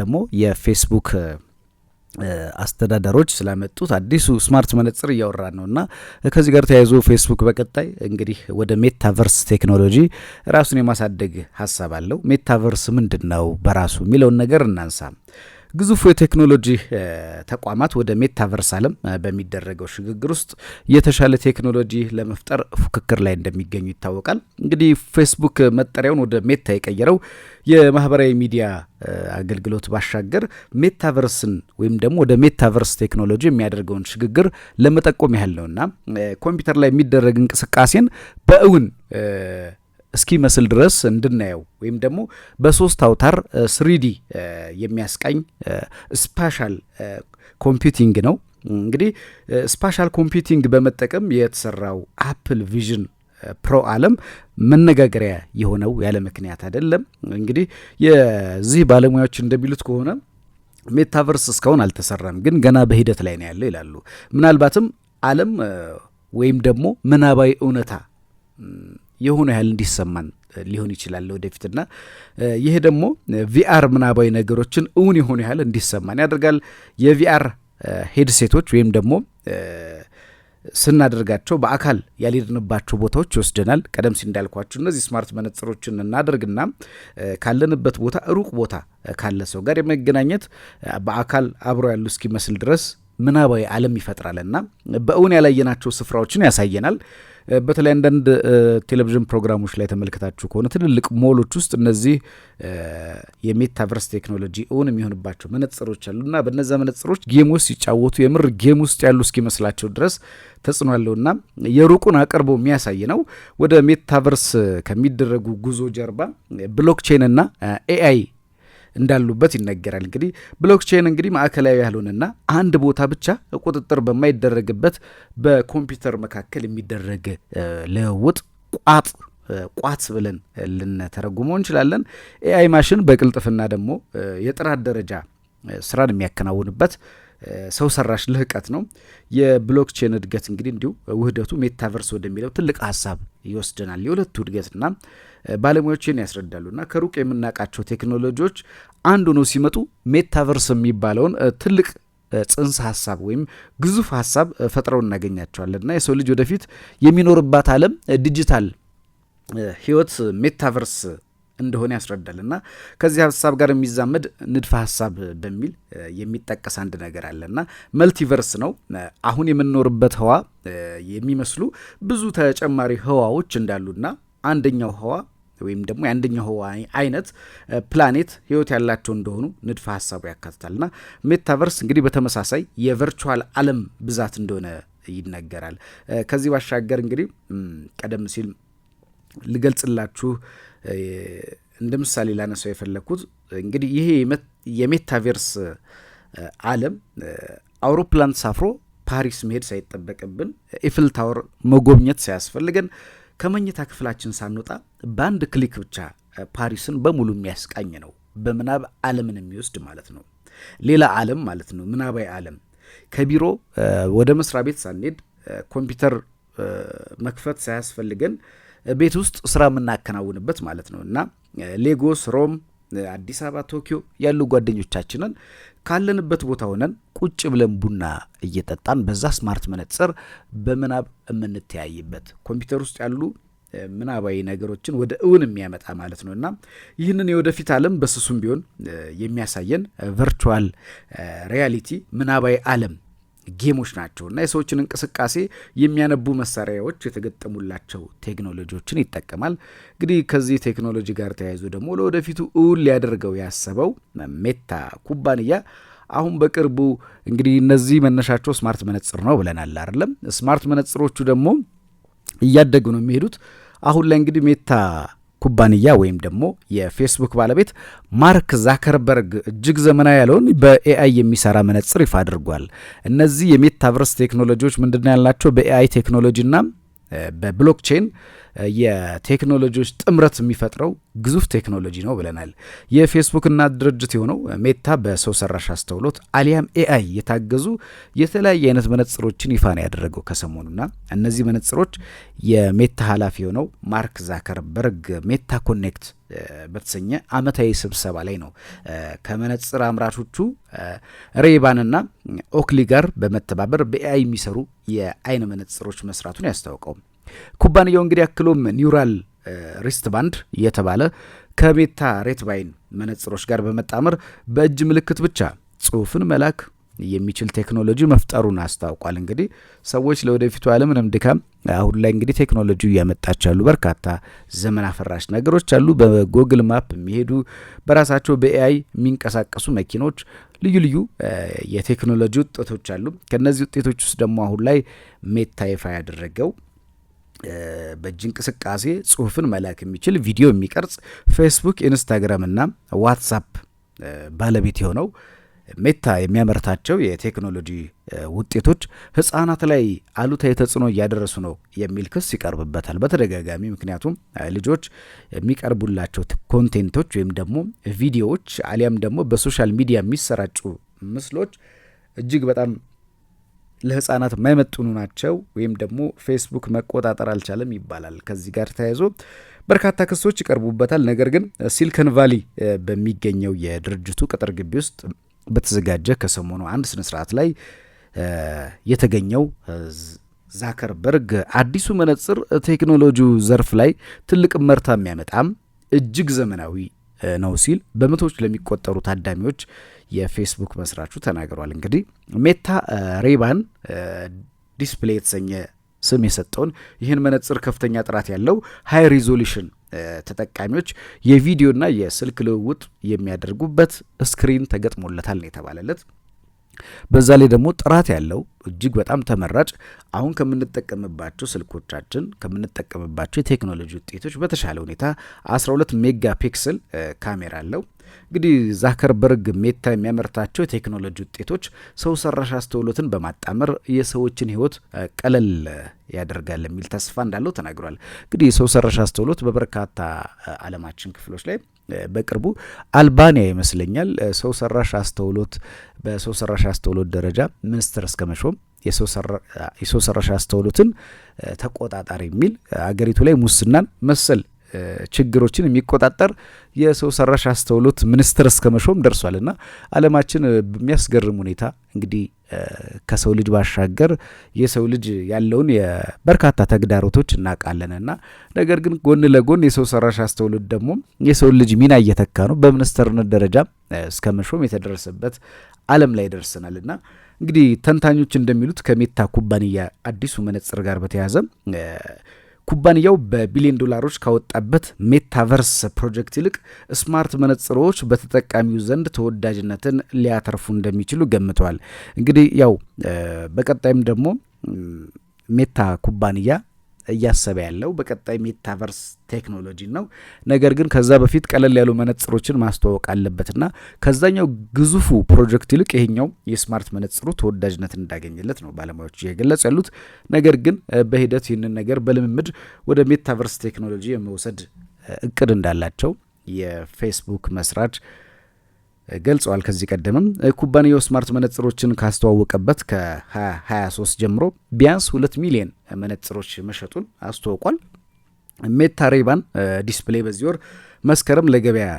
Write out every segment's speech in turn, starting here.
ደግሞ የፌስቡክ አስተዳደሮች ስላመጡት አዲሱ ስማርት መነጽር እያወራ ነው እና ከዚህ ጋር ተያይዞ ፌስቡክ በቀጣይ እንግዲህ ወደ ሜታቨርስ ቴክኖሎጂ ራሱን የማሳደግ ሀሳብ አለው። ሜታቨርስ ምንድን ነው በራሱ የሚለውን ነገር እናንሳ። ግዙፉ የቴክኖሎጂ ተቋማት ወደ ሜታቨርስ ዓለም በሚደረገው ሽግግር ውስጥ የተሻለ ቴክኖሎጂ ለመፍጠር ፉክክር ላይ እንደሚገኙ ይታወቃል። እንግዲህ ፌስቡክ መጠሪያውን ወደ ሜታ የቀየረው የማህበራዊ ሚዲያ አገልግሎት ባሻገር ሜታቨርስን ወይም ደግሞ ወደ ሜታቨርስ ቴክኖሎጂ የሚያደርገውን ሽግግር ለመጠቆም ያህል ነውና ኮምፒውተር ላይ የሚደረግ እንቅስቃሴን በእውን እስኪመስል ድረስ እንድናየው ወይም ደግሞ በሶስት አውታር ስሪዲ የሚያስቃኝ ስፓሻል ኮምፒውቲንግ ነው። እንግዲህ ስፓሻል ኮምፒውቲንግ በመጠቀም የተሰራው አፕል ቪዥን ፕሮ አለም መነጋገሪያ የሆነው ያለ ምክንያት አይደለም። እንግዲህ የዚህ ባለሙያዎች እንደሚሉት ከሆነ ሜታቨርስ እስካሁን አልተሰራም፣ ግን ገና በሂደት ላይ ነው ያለው ይላሉ። ምናልባትም አለም ወይም ደግሞ ምናባዊ እውነታ የሆነ ያህል እንዲሰማን ሊሆን ይችላል ወደፊትና ይህ ደግሞ ቪአር ምናባዊ ነገሮችን እውን የሆኑ ያህል እንዲሰማን ያደርጋል። የቪአር ሄድሴቶች ወይም ደግሞ ስናደርጋቸው በአካል ያልሄድንባቸው ቦታዎች ይወስደናል። ቀደም ሲል እነዚህ ስማርት መነጽሮችን እናደርግና ካለንበት ቦታ ሩቅ ቦታ ካለ ሰው ጋር የመገናኘት በአካል አብረው ያሉ እስኪመስል ድረስ ምናባዊ ዓለም ይፈጥራልና በእውን ያላየናቸው ስፍራዎችን ያሳየናል። በተለይ አንዳንድ ቴሌቪዥን ፕሮግራሞች ላይ ተመልክታችሁ ከሆነ ትልልቅ ሞሎች ውስጥ እነዚህ የሜታቨርስ ቴክኖሎጂ እውን የሚሆንባቸው መነጽሮች እና በነዚ መነጽሮች ውስጥ ሲጫወቱ የምር ጌም ውስጥ ያሉ እስኪመስላቸው ድረስ ተጽዕኖ አለውና የሩቁን አቅርቦ የሚያሳይ ነው። ወደ ሜታቨርስ ከሚደረጉ ጉዞ ጀርባ ብሎክቼንና ኤአይ እንዳሉበት ይነገራል። እንግዲህ ብሎክቼን እንግዲህ ማዕከላዊ ያልሆነና አንድ ቦታ ብቻ ቁጥጥር በማይደረግበት በኮምፒውተር መካከል የሚደረግ ልውውጥ ቋጥ ቋት ብለን ልንተረጉመው እንችላለን። ኤአይ ማሽን በቅልጥፍና ደግሞ የጥራት ደረጃ ስራን የሚያከናውንበት ሰው ሰራሽ ልህቀት ነው። የብሎክቼን እድገት እንግዲህ እንዲሁ ውህደቱ ሜታቨርስ ወደሚለው ትልቅ ሀሳብ ይወስደናል። የሁለቱ እድገትና ባለሙያዎች ይህን ያስረዳሉና ከሩቅ የምናውቃቸው ቴክኖሎጂዎች አንድ ሆነው ሲመጡ ሜታቨርስ የሚባለውን ትልቅ ጽንሰ ሀሳብ ወይም ግዙፍ ሀሳብ ፈጥረው እናገኛቸዋለን እና የሰው ልጅ ወደፊት የሚኖርባት ዓለም ዲጂታል ህይወት ሜታቨርስ እንደሆነ ያስረዳል እና ከዚህ ሀሳብ ጋር የሚዛመድ ንድፈ ሀሳብ በሚል የሚጠቀስ አንድ ነገር አለ እና መልቲቨርስ ነው። አሁን የምንኖርበት ህዋ የሚመስሉ ብዙ ተጨማሪ ህዋዎች እንዳሉና አንደኛው ህዋ ወይም ደግሞ የአንደኛው ህዋ አይነት ፕላኔት ህይወት ያላቸው እንደሆኑ ንድፈ ሀሳቡ ያካትታል ና ሜታቨርስ እንግዲህ በተመሳሳይ የቨርቹዋል አለም ብዛት እንደሆነ ይነገራል። ከዚህ ባሻገር እንግዲህ ቀደም ሲል ልገልጽላችሁ እንደ ምሳሌ ላነሳው የፈለግኩት እንግዲህ ይሄ የሜታቨርስ አለም አውሮፕላን ሳፍሮ ፓሪስ መሄድ ሳይጠበቅብን ኢፍል ታወር መጎብኘት ሳያስፈልገን ከመኝታ ክፍላችን ሳንወጣ በአንድ ክሊክ ብቻ ፓሪስን በሙሉ የሚያስቃኝ ነው። በምናብ ዓለምን የሚወስድ ማለት ነው። ሌላ ዓለም ማለት ነው። ምናባዊ ዓለም። ከቢሮ ወደ መስሪያ ቤት ሳንሄድ ኮምፒውተር መክፈት ሳያስፈልገን ቤት ውስጥ ስራ የምናከናውንበት ማለት ነው እና ሌጎስ፣ ሮም፣ አዲስ አበባ፣ ቶኪዮ ያሉ ጓደኞቻችንን ካለንበት ቦታ ሆነን ቁጭ ብለን ቡና እየጠጣን በዛ ስማርት መነጽር በምናብ የምንተያይበት ኮምፒውተር ውስጥ ያሉ ምናባዊ ነገሮችን ወደ እውን የሚያመጣ ማለት ነው እና ይህንን የወደፊት ዓለም በስሱም ቢሆን የሚያሳየን ቨርቹዋል ሪያሊቲ ምናባዊ ዓለም ጌሞች ናቸው እና የሰዎችን እንቅስቃሴ የሚያነቡ መሳሪያዎች የተገጠሙላቸው ቴክኖሎጂዎችን ይጠቀማል። እንግዲህ ከዚህ ቴክኖሎጂ ጋር ተያይዞ ደግሞ ለወደፊቱ እውን ሊያደርገው ያሰበው ሜታ ኩባንያ አሁን በቅርቡ እንግዲህ እነዚህ መነሻቸው ስማርት መነጽር ነው ብለናል አይደለም? ስማርት መነጽሮቹ ደግሞ እያደጉ ነው የሚሄዱት። አሁን ላይ እንግዲህ ሜታ ኩባንያ ወይም ደግሞ የፌስቡክ ባለቤት ማርክ ዛከርበርግ እጅግ ዘመናዊ ያለውን በኤአይ የሚሰራ መነጽር ይፋ አድርጓል። እነዚህ የሜታቨርስ ቴክኖሎጂዎች ምንድን ያልናቸው በኤአይ ቴክኖሎጂና በብሎክቼን የቴክኖሎጂዎች ጥምረት የሚፈጥረው ግዙፍ ቴክኖሎጂ ነው ብለናል። የፌስቡክ እናት ድርጅት የሆነው ሜታ በሰው ሰራሽ አስተውሎት አሊያም ኤአይ የታገዙ የተለያየ አይነት መነጽሮችን ይፋ ነው ያደረገው ከሰሞኑና እነዚህ መነጽሮች የሜታ ኃላፊ የሆነው ማርክ ዛከርበርግ ሜታ ኮኔክት በተሰኘ አመታዊ ስብሰባ ላይ ነው ከመነጽር አምራቾቹ ሬባንና ኦክሊ ጋር በመተባበር በኤአይ የሚሰሩ የአይን መነጽሮች መስራቱን ያስታውቀው። ኩባንያው እንግዲህ አክሎም ኒውራል ሪስት ባንድ እየተባለ ከሜታ ሬትባይን መነጽሮች ጋር በመጣመር በእጅ ምልክት ብቻ ጽሁፍን መላክ የሚችል ቴክኖሎጂ መፍጠሩን አስታውቋል። እንግዲህ ሰዎች ለወደፊቱ ያለምንም ድካም አሁን ላይ እንግዲህ ቴክኖሎጂ እያመጣች ያሉ በርካታ ዘመን አፈራሽ ነገሮች አሉ። በጎግል ማፕ የሚሄዱ በራሳቸው በኤአይ የሚንቀሳቀሱ መኪኖች፣ ልዩ ልዩ የቴክኖሎጂ ውጤቶች አሉ። ከእነዚህ ውጤቶች ውስጥ ደግሞ አሁን ላይ ሜታ ይፋ ያደረገው በእጅ እንቅስቃሴ ጽሁፍን መላክ የሚችል ቪዲዮ የሚቀርጽ ፌስቡክ፣ ኢንስታግራም እና ዋትሳፕ ባለቤት የሆነው ሜታ የሚያመርታቸው የቴክኖሎጂ ውጤቶች ህጻናት ላይ አሉታዊ ተጽዕኖ እያደረሱ ነው የሚል ክስ ይቀርብበታል በተደጋጋሚ። ምክንያቱም ልጆች የሚቀርቡላቸው ኮንቴንቶች ወይም ደግሞ ቪዲዮዎች አሊያም ደግሞ በሶሻል ሚዲያ የሚሰራጩ ምስሎች እጅግ በጣም ለህፃናት የማይመጥኑ ናቸው ወይም ደግሞ ፌስቡክ መቆጣጠር አልቻለም ይባላል። ከዚህ ጋር ተያይዞ በርካታ ክሶች ይቀርቡበታል። ነገር ግን ሲልከን ቫሊ በሚገኘው የድርጅቱ ቅጥር ግቢ ውስጥ በተዘጋጀ ከሰሞኑ አንድ ስነስርዓት ላይ የተገኘው ዛከርበርግ አዲሱ መነጽር ቴክኖሎጂው ዘርፍ ላይ ትልቅ መርታ የሚያመጣም እጅግ ዘመናዊ ነው ሲል በመቶዎች ለሚቆጠሩ ታዳሚዎች የፌስቡክ መስራቹ ተናግሯል። እንግዲህ ሜታ ሬባን ዲስፕሌይ የተሰኘ ስም የሰጠውን ይህን መነጽር ከፍተኛ ጥራት ያለው ሃይ ሪዞሉሽን ተጠቃሚዎች የቪዲዮና የስልክ ልውውጥ የሚያደርጉበት ስክሪን ተገጥሞለታል ነው የተባለለት። በዛ ላይ ደግሞ ጥራት ያለው እጅግ በጣም ተመራጭ አሁን ከምንጠቀምባቸው ስልኮቻችን ከምንጠቀምባቸው የቴክኖሎጂ ውጤቶች በተሻለ ሁኔታ 12 ሜጋ ፒክስል ካሜራ አለው። እንግዲህ ዛከርበርግ ሜታ የሚያመርታቸው የቴክኖሎጂ ውጤቶች ሰው ሰራሽ አስተውሎትን በማጣመር የሰዎችን ህይወት ቀለል ያደርጋል የሚል ተስፋ እንዳለው ተናግሯል። እንግዲህ ሰው ሰራሽ አስተውሎት በበርካታ አለማችን ክፍሎች ላይ በቅርቡ አልባንያ ይመስለኛል ሰው ሰራሽ አስተውሎት በሰው ሰራሽ አስተውሎት ደረጃ ሚኒስትር እስከ መሾም የሰው ሰራሽ አስተውሎትን ተቆጣጣሪ የሚል አገሪቱ ላይ ሙስናን መሰል ችግሮችን የሚቆጣጠር የሰው ሰራሽ አስተውሎት ሚኒስትር እስከ መሾም ደርሷል እና አለማችን በሚያስገርም ሁኔታ እንግዲህ ከሰው ልጅ ባሻገር የሰው ልጅ ያለውን የበርካታ ተግዳሮቶች እናውቃለን እና ነገር ግን ጎን ለጎን የሰው ሰራሽ አስተውሎት ደግሞ የሰው ልጅ ሚና እየተካ ነው። በሚኒስትርነት ደረጃ እስከ መሾም የተደረሰበት አለም ላይ ደርሰናል እና እንግዲህ ተንታኞች እንደሚሉት ከሜታ ኩባንያ አዲሱ መነጽር ጋር በተያያዘ ኩባንያው በቢሊዮን ዶላሮች ካወጣበት ሜታቨርስ ፕሮጀክት ይልቅ ስማርት መነጽሮች በተጠቃሚው ዘንድ ተወዳጅነትን ሊያተርፉ እንደሚችሉ ገምተዋል። እንግዲህ ያው በቀጣይም ደግሞ ሜታ ኩባንያ እያሰበ ያለው በቀጣይ ሜታቨርስ ቴክኖሎጂ ነው። ነገር ግን ከዛ በፊት ቀለል ያሉ መነጽሮችን ማስተዋወቅ አለበትና ከዛኛው ግዙፉ ፕሮጀክት ይልቅ ይሄኛው የስማርት መነጽሩ ተወዳጅነት እንዳገኘለት ነው ባለሙያዎች እየገለጹ ያሉት። ነገር ግን በሂደት ይህንን ነገር በልምምድ ወደ ሜታቨርስ ቴክኖሎጂ የመውሰድ እቅድ እንዳላቸው የፌስቡክ መስራች ገልጸዋል። ከዚህ ቀደምም ኩባንያው ስማርት መነጽሮችን ካስተዋወቀበት ከ2023 ጀምሮ ቢያንስ ሁለት ሚሊዮን መነጽሮች መሸጡን አስተዋውቋል። ሜታ ሬባን ዲስፕሌይ በዚህ ወር መስከረም ለገበያ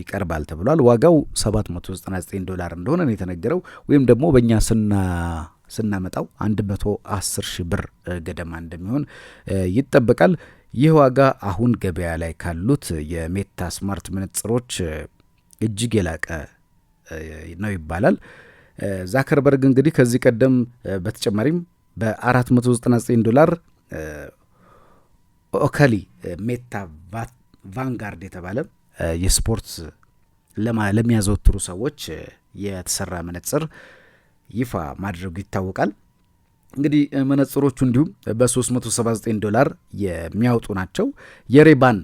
ይቀርባል ተብሏል። ዋጋው 799 ዶላር እንደሆነ ነው የተነገረው ወይም ደግሞ በእኛ ስና ስናመጣው 110 ሺህ ብር ገደማ እንደሚሆን ይጠበቃል። ይህ ዋጋ አሁን ገበያ ላይ ካሉት የሜታ ስማርት መነጽሮች እጅግ የላቀ ነው ይባላል። ዛከርበርግ እንግዲህ ከዚህ ቀደም በተጨማሪም በ499 ዶላር ኦከሊ ሜታ ቫንጋርድ የተባለ የስፖርት ለሚያዘወትሩ ሰዎች የተሰራ መነጽር ይፋ ማድረጉ ይታወቃል። እንግዲህ መነጽሮቹ እንዲሁም በ379 ዶላር የሚያወጡ ናቸው። የሬባን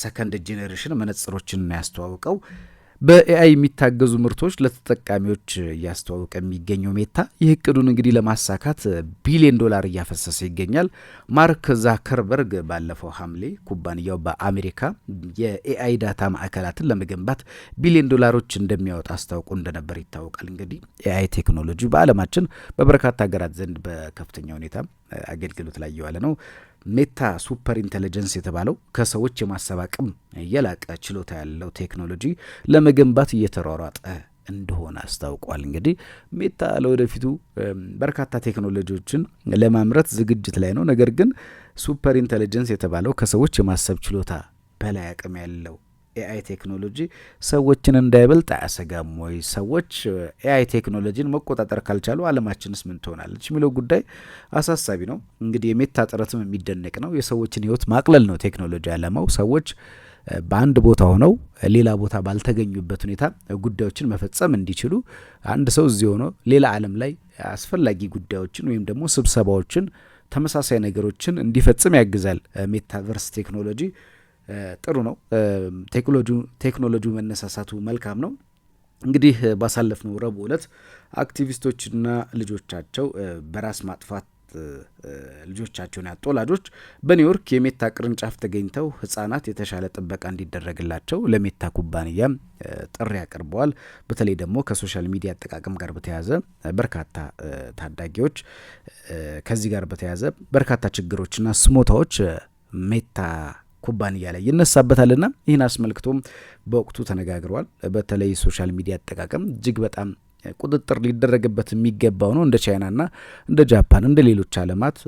ሰከንድ ጄኔሬሽን መነጽሮችን ያስተዋውቀው በኤአይ የሚታገዙ ምርቶች ለተጠቃሚዎች እያስተዋወቀ የሚገኘው ሜታ ይህ እቅዱን እንግዲህ ለማሳካት ቢሊዮን ዶላር እያፈሰሰ ይገኛል። ማርክ ዛከርበርግ ባለፈው ሐምሌ ኩባንያው በአሜሪካ የኤአይ ዳታ ማዕከላትን ለመገንባት ቢሊዮን ዶላሮች እንደሚያወጣ አስታውቁ እንደነበር ይታወቃል። እንግዲህ ኤአይ ቴክኖሎጂ በዓለማችን በበርካታ ሀገራት ዘንድ በከፍተኛ ሁኔታ አገልግሎት ላይ እየዋለ ነው። ሜታ ሱፐር ኢንቴሊጀንስ የተባለው ከሰዎች የማሰብ አቅም የላቀ ችሎታ ያለው ቴክኖሎጂ ለመገንባት እየተሯሯጠ እንደሆነ አስታውቋል። እንግዲህ ሜታ ለወደፊቱ በርካታ ቴክኖሎጂዎችን ለማምረት ዝግጅት ላይ ነው። ነገር ግን ሱፐር ኢንቴሊጀንስ የተባለው ከሰዎች የማሰብ ችሎታ በላይ አቅም ያለው ኤአይ ቴክኖሎጂ ሰዎችን እንዳይበልጥ አያሰጋም ወይ? ሰዎች ኤአይ ቴክኖሎጂን መቆጣጠር ካልቻሉ አለማችንስ ምን ትሆናለች የሚለው ጉዳይ አሳሳቢ ነው። እንግዲህ የሜታ ጥረትም የሚደነቅ ነው። የሰዎችን ሕይወት ማቅለል ነው ቴክኖሎጂ አለማው ሰዎች በአንድ ቦታ ሆነው ሌላ ቦታ ባልተገኙበት ሁኔታ ጉዳዮችን መፈጸም እንዲችሉ አንድ ሰው እዚህ ሆኖ ሌላ ዓለም ላይ አስፈላጊ ጉዳዮችን ወይም ደግሞ ስብሰባዎችን፣ ተመሳሳይ ነገሮችን እንዲፈጽም ያግዛል። ሜታቨርስ ቴክኖሎጂ ጥሩ ነው። ቴክኖሎጂ መነሳሳቱ መልካም ነው። እንግዲህ ባሳለፍነው ረቡዕ ዕለት አክቲቪስቶችና ልጆቻቸው በራስ ማጥፋት ልጆቻቸውን ያጡ ወላጆች በኒውዮርክ የሜታ ቅርንጫፍ ተገኝተው ህጻናት የተሻለ ጥበቃ እንዲደረግላቸው ለሜታ ኩባንያም ጥሪ አቅርበዋል። በተለይ ደግሞ ከሶሻል ሚዲያ አጠቃቀም ጋር በተያያዘ በርካታ ታዳጊዎች ከዚህ ጋር በተያያዘ በርካታ ችግሮችና ስሞታዎች ሜታ ኩባንያ ላይ ይነሳበታልና ይህን አስመልክቶም በወቅቱ ተነጋግረዋል። በተለይ ሶሻል ሚዲያ አጠቃቀም እጅግ በጣም ቁጥጥር ሊደረግበት የሚገባው ነው። እንደ ቻይናና እንደ ጃፓን እንደ ሌሎች አለማት